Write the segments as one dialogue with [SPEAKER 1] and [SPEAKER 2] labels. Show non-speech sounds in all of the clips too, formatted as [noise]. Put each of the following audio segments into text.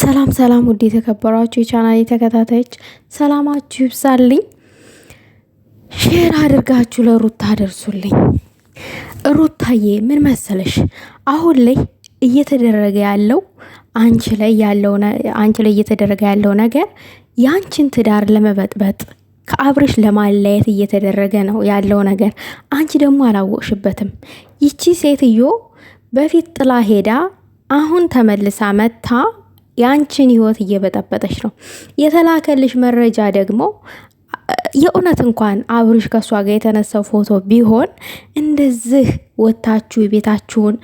[SPEAKER 1] ሰላም ሰላም፣ ውድ የተከበሯችሁ የቻናሌ ተከታታዮች ሰላማችሁ ይብዛልኝ። ሼር አድርጋችሁ ለሩታ አደርሱልኝ። ሩታዬ ምን መሰለሽ አሁን ላይ እየተደረገ ያለው አንቺ ላይ ያለው አንቺ ላይ እየተደረገ ያለው ነገር የአንቺን ትዳር ለመበጥበጥ ከአብርሽ ለማለያየት እየተደረገ ነው ያለው ነገር። አንቺ ደግሞ አላወቅሽበትም። ይቺ ሴትዮ በፊት ጥላ ሄዳ አሁን ተመልሳ መታ የአንቺን ህይወት እየበጠበጠች ነው። የተላከልሽ መረጃ ደግሞ የእውነት እንኳን አብርሽ ከእሷ ጋር የተነሳው ፎቶ ቢሆን እንደዚህ ወታችሁ የቤታችሁን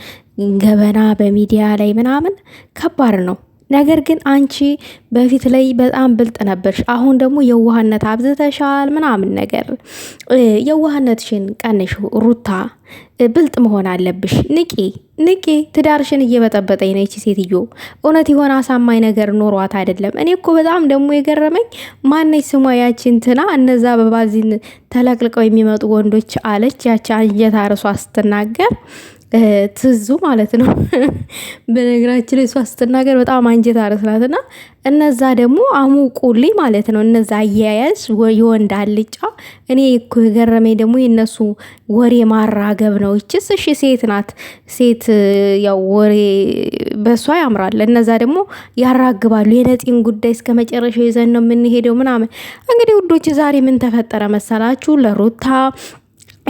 [SPEAKER 1] ገበና በሚዲያ ላይ ምናምን ከባድ ነው። ነገር ግን አንቺ በፊት ላይ በጣም ብልጥ ነበርሽ። አሁን ደግሞ የዋህነት አብዝተሻል ምናምን ነገር የዋህነትሽን ቀንሽ ሩታ። ብልጥ መሆን አለብሽ። ንቂ ንቂ። ትዳርሽን እየበጠበጠኝ ይቺ ሴትዮ። እውነት የሆነ አሳማኝ ነገር ኖሯት አይደለም። እኔ እኮ በጣም ደግሞ የገረመኝ ማነች ስሟ ያቺ ትና እነዛ በባዚን ተለቅልቀው የሚመጡ ወንዶች አለች ያቺ አንጀት አርሷ ስትናገር ትዙ ማለት ነው። [laughs] በነገራችን ላይ እሷ ስትናገር በጣም አንጀት አረስናት እነዛ ደግሞ አሙቁልኝ ማለት ነው። እነዛ አያያዝ የወንድ አልጫ። እኔ እኮ የገረመኝ ደግሞ የእነሱ ወሬ ማራገብ ነው። ይችስ እሺ ሴት ናት፣ ሴት ያው ወሬ በእሷ ያምራል። እነዛ ደግሞ ያራግባሉ። የነጢን ጉዳይ እስከ መጨረሻው ይዘን ነው የምንሄደው ምናምን። እንግዲህ ውዶች ዛሬ ምን ተፈጠረ መሰላችሁ ለሩታ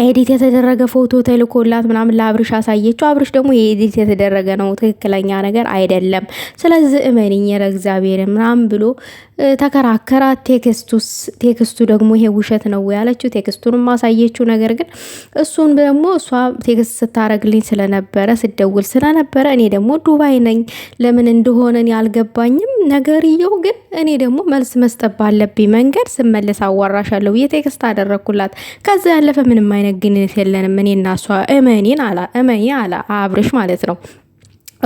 [SPEAKER 1] ኤዲት የተደረገ ፎቶ ተልኮላት ምናምን ለአብርሽ አሳየችው። አብርሽ ደግሞ የኤዲት የተደረገ ነው ትክክለኛ ነገር አይደለም፣ ስለዚህ እመንኝ እግዚአብሔር ምናምን ብሎ ተከራከራት። ቴክስቱስ ቴክስቱ ደግሞ ይሄ ውሸት ነው ያለችው፣ ቴክስቱንም አሳየችው። ነገር ግን እሱን ደግሞ እሷ ቴክስት ስታረግልኝ ስለነበረ ስደውል ስለነበረ እኔ ደግሞ ዱባይ ነኝ ለምን እንደሆነን ያልገባኝም ነገርየው ግን እኔ ደግሞ መልስ መስጠት ባለብኝ መንገድ ስመለስ አዋራሻለሁ ብዬ ቴክስት አደረግኩላት። ከዛ ያለፈ ምንም አይነት አይነት ግንኙነት የለንም እኔ እና እሷ እመኔን አላ እመኔ አላ አብርሽ ማለት ነው።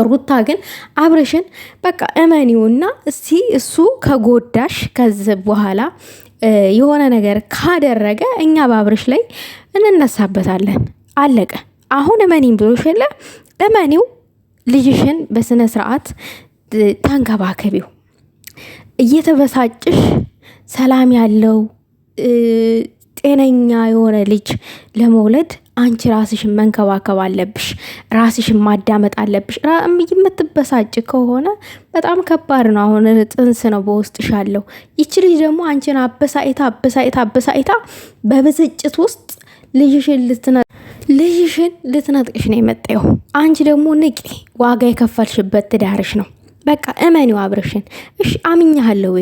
[SPEAKER 1] ሩታ ግን አብርሽን በቃ እመኒውና እስቲ እሱ ከጎዳሽ ከዚህ በኋላ የሆነ ነገር ካደረገ እኛ በአብርሽ ላይ እንነሳበታለን። አለቀ። አሁን እመኒን ብሎሽ የለ እመኒው። ልጅሽን በስነ ስርዓት ተንከባከቢው። እየተበሳጭሽ ሰላም ያለው ጤነኛ የሆነ ልጅ ለመውለድ አንቺ ራስሽን መንከባከብ አለብሽ። ራስሽን ማዳመጥ አለብሽ። የምትበሳጭ ከሆነ በጣም ከባድ ነው። አሁን ጥንስ ነው በውስጥሽ ያለው። ይቺ ልጅ ደግሞ አንቺን አበሳይታ አበሳይታ አበሳይታ በብስጭት ውስጥ ልጅሽን ልትነ ልጅሽን ልትነጥቅሽ ነው የመጣው። አንቺ ደግሞ ንቂ። ዋጋ የከፈልሽበት ትዳርሽ ነው። በቃ እመኒው አብርሽን። እሺ አምኛሃለሁ።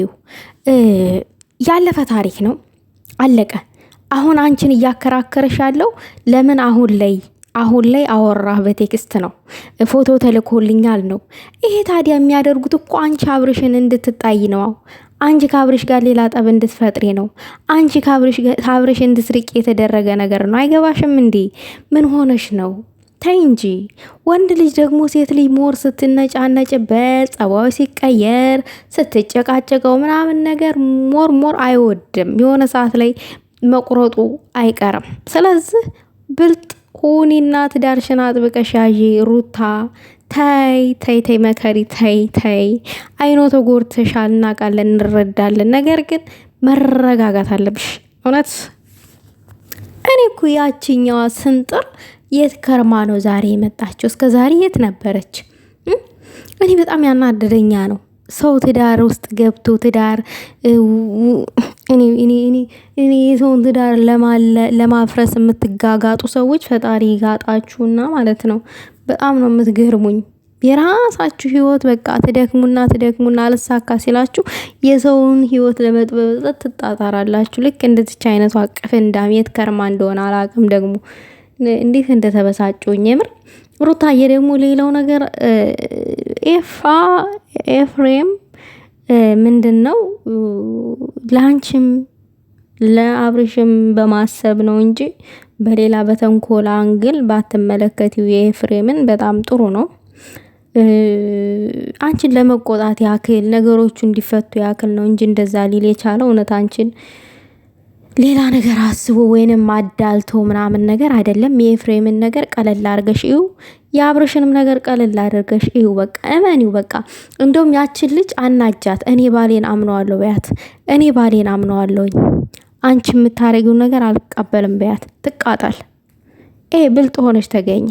[SPEAKER 1] ያለፈ ታሪክ ነው አለቀ። አሁን አንቺን እያከራከረሽ ያለው ለምን አሁን ላይ አሁን ላይ አወራህ በቴክስት ነው፣ ፎቶ ተልኮልኛል ነው። ይሄ ታዲያ የሚያደርጉት እኮ አንቺ አብርሽን እንድትጣይ ነው። አንቺ ከአብርሽ ጋር ሌላ ጠብ እንድትፈጥሪ ነው። አንቺ ከአብርሽ እንድትርቅ የተደረገ ነገር ነው። አይገባሽም እንዴ? ምን ሆነሽ ነው? ተይ እንጂ ወንድ ልጅ ደግሞ ሴት ልጅ ሞር ስትነጫነጭበት ጸባዩ ሲቀየር ስትጨቃጨቀው ምናምን ነገር ሞር ሞር አይወድም። የሆነ ሰዓት ላይ መቁረጡ አይቀርም። ስለዚህ ብልጥ ሁኒና ትዳርሽን አጥብቀሽ ያዢ። ሩታ ተይ ተይ ተይ መከሪ ተይ ተይ። አይኖ ተጎድተሻል፣ እናቃለን፣ እንረዳለን። ነገር ግን መረጋጋት አለብሽ። እውነት እኔ እኮ ያችኛዋ ስንጥር የት ከርማ ነው ዛሬ የመጣችው? እስከ ዛሬ የት ነበረች? እኔ በጣም ያናደደኛ ነው ሰው ትዳር ውስጥ ገብቶ ትዳር እኔ የሰውን ትዳር ለማፍረስ የምትጋጋጡ ሰዎች ፈጣሪ ጋጣችሁና ማለት ነው። በጣም ነው የምትገርሙኝ። የራሳችሁ ህይወት በቃ ትደክሙና ትደክሙና አልሳካ ሲላችሁ የሰውን ህይወት ለመጥበበጠት ትጣጣራላችሁ። ልክ እንደዚች አይነቱ አቅፍ እንዳሜት ከርማ እንደሆነ አላቅም ደግሞ እንዴት እንደተበሳጭኝ የምር ሩታዬ ደግሞ ሌላው ነገር ኤፋ ኤፍሬም ምንድነው ለአንቺም ለአብርሽም በማሰብ ነው እንጂ በሌላ በተንኮል አንግል ባትመለከቲው የኤፍሬምን በጣም ጥሩ ነው። አንቺን ለመቆጣት ያክል ነገሮቹ እንዲፈቱ ያክል ነው እንጂ እንደዛ ሊል የቻለው እውነት አንቺን ሌላ ነገር አስቦ ወይንም አዳልቶ ምናምን ነገር አይደለም። የኤፍሬምን ነገር ቀለል አድርገሽ ይው፣ የአብርሽንም ነገር ቀለል አድርገሽ ይው። በቃ እመኒው። በቃ እንደውም ያችን ልጅ አናጃት። እኔ ባሌን አምነዋለሁ በያት። እኔ ባሌን አምነዋለሁኝ፣ አንቺ የምታደረጊውን ነገር አልቀበልም በያት። ትቃጣል። ይሄ ብልጥ ሆነች ተገኘ።